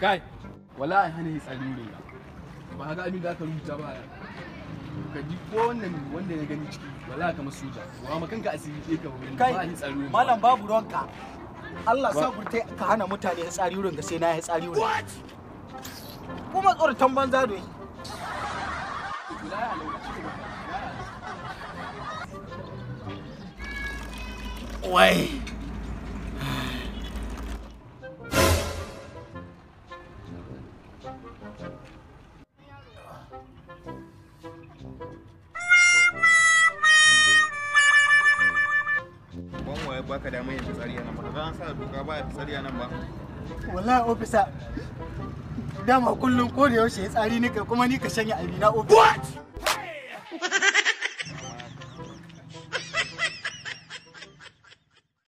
kai wallahi hana yi tsari ne ba ga abin da aka rubuta ba ka ji ko wannan wanda ya gani ciki wallahi kamar soja wa ma kanka asiri ke ka wurin ba yi tsari malam babu ruwanka Allah sa gurte ka hana mutane ya tsari wurin ga sai na ya tsari wurin kuma tsoratan banza doyi wallahi โอ้ย baka da mai fitsari nan ba kaga an sa doka ba fitsari nan ba wallahi officer dama kullum ko da yaushe ya tsari nika kuma ni ka shanye abi na officer